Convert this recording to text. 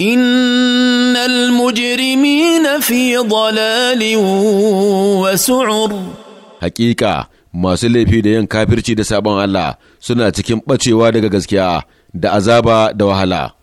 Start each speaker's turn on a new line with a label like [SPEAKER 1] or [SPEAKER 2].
[SPEAKER 1] ان المجرمين في ضلال وسعر
[SPEAKER 2] حقيقه masu laifi da yin kafirci da sabon Allah suna cikin bacewa daga gaskiya da azaba da wahala